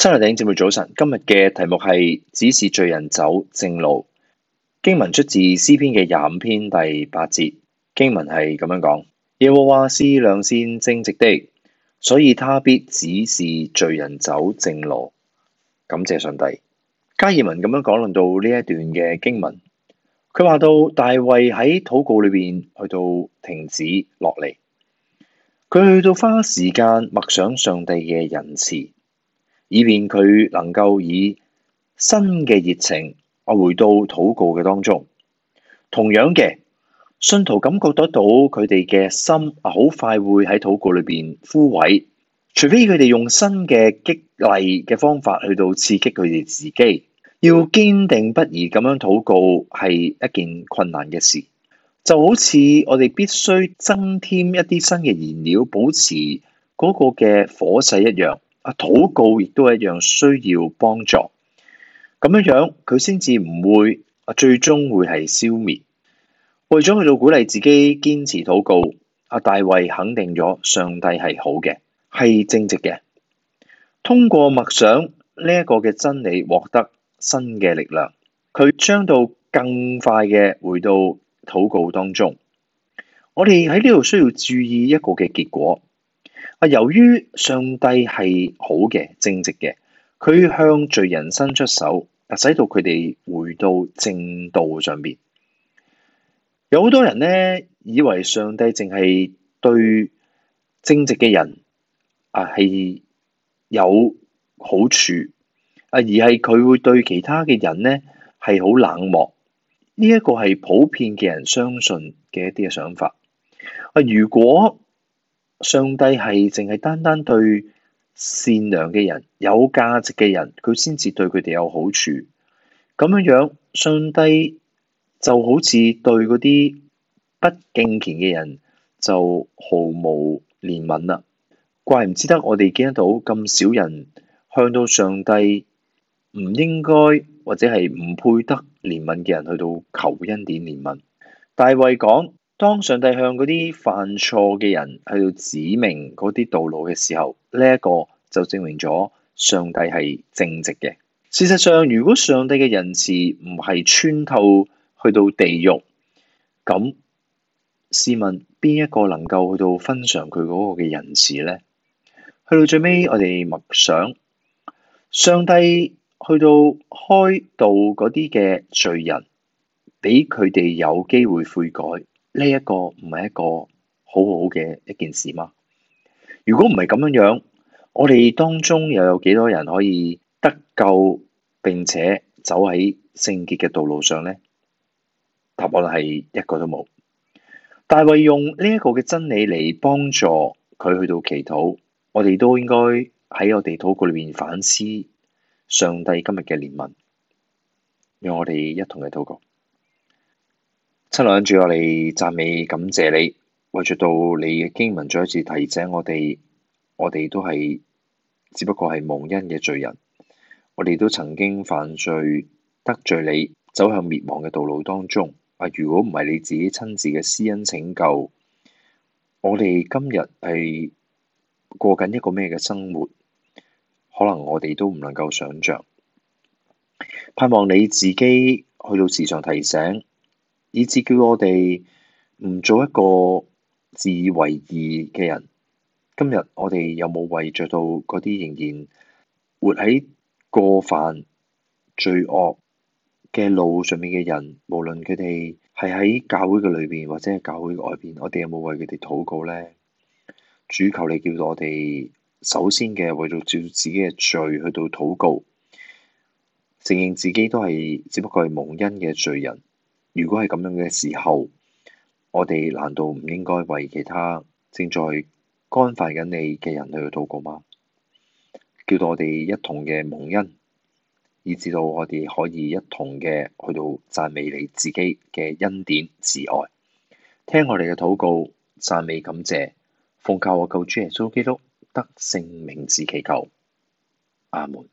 親愛弟兄姊妹早晨，今日嘅題目係指示罪人走正路。經文出自詩篇嘅廿五篇第八節，經文係咁樣講：耶和華是良善正直的，所以他必指示罪人走正路。感謝上帝。加爾文咁樣講，論到呢一段嘅經文，佢話到大衛喺禱告裏邊去到停止落嚟，佢去到花時間默想上帝嘅仁慈。以便佢能夠以新嘅熱情啊回到禱告嘅當中。同樣嘅信徒感覺得到佢哋嘅心啊，好快會喺禱告裏邊枯萎，除非佢哋用新嘅激勵嘅方法去到刺激佢哋自己。要堅定不移咁樣禱告係一件困難嘅事，就好似我哋必須增添一啲新嘅燃料，保持嗰個嘅火勢一樣。禱告亦都一樣需要幫助，咁樣樣佢先至唔會，最終會係消滅。為咗去到鼓勵自己堅持禱告，阿大衛肯定咗上帝係好嘅，係正直嘅。通過默想呢一個嘅真理，獲得新嘅力量，佢將到更快嘅回到禱告當中。我哋喺呢度需要注意一個嘅結果。啊！由於上帝係好嘅，正直嘅，佢向罪人伸出手，啊，使到佢哋回到正道上面。有好多人咧，以為上帝淨係對正直嘅人啊係有好處啊，而係佢會對其他嘅人咧係好冷漠。呢、這、一個係普遍嘅人相信嘅一啲嘅想法。啊，如果上帝係淨係單單對善良嘅人、有價值嘅人，佢先至對佢哋有好處。咁樣樣，上帝就好似對嗰啲不敬虔嘅人就毫無憐憫啦。怪唔知得，我哋見得到咁少人向到上帝唔應該或者係唔配得憐憫嘅人去到求恩典憐憫。大衛講。當上帝向嗰啲犯錯嘅人去到指明嗰啲道路嘅時候，呢一個就證明咗上帝係正直嘅。事實上，如果上帝嘅仁慈唔係穿透去到地獄，咁試問邊一個能夠去到分享佢嗰個嘅仁慈呢？去到最尾，我哋默想上帝去到開道嗰啲嘅罪人，俾佢哋有機會悔改。呢一個唔係一個好好嘅一件事嗎？如果唔係咁樣樣，我哋當中又有幾多人可以得救並且走喺聖潔嘅道路上呢？答案係一個都冇。大衞用呢一個嘅真理嚟幫助佢去到祈禱，我哋都應該喺我哋禱告裏面反思上帝今日嘅憐憫，讓我哋一同嘅禱告。親愛嘅主，我哋讚美感謝你，為著到你嘅經文再一次提醒我哋，我哋都係只不過係蒙恩嘅罪人，我哋都曾經犯罪得罪你，走向滅亡嘅道路當中。啊！如果唔係你自己親自嘅私恩拯救，我哋今日係過緊一個咩嘅生活？可能我哋都唔能夠想像。盼望你自己去到時常提醒。以致叫我哋唔做一個自以為義嘅人。今日我哋有冇為着到嗰啲仍然活喺過犯罪惡嘅路上面嘅人，無論佢哋係喺教會嘅裏邊或者係教會外邊，我哋有冇為佢哋禱告咧？主求你叫到我哋首先嘅為咗照自己嘅罪去到禱告，承認自己都係只不過係蒙恩嘅罪人。如果係咁樣嘅時候，我哋難道唔應該為其他正在乾犯緊你嘅人去禱告嗎？叫到我哋一同嘅蒙恩，以至到我哋可以一同嘅去到讚美你自己嘅恩典慈愛，聽我哋嘅禱告，讚美感謝，奉教我救主耶穌基督得勝名字祈求，阿門。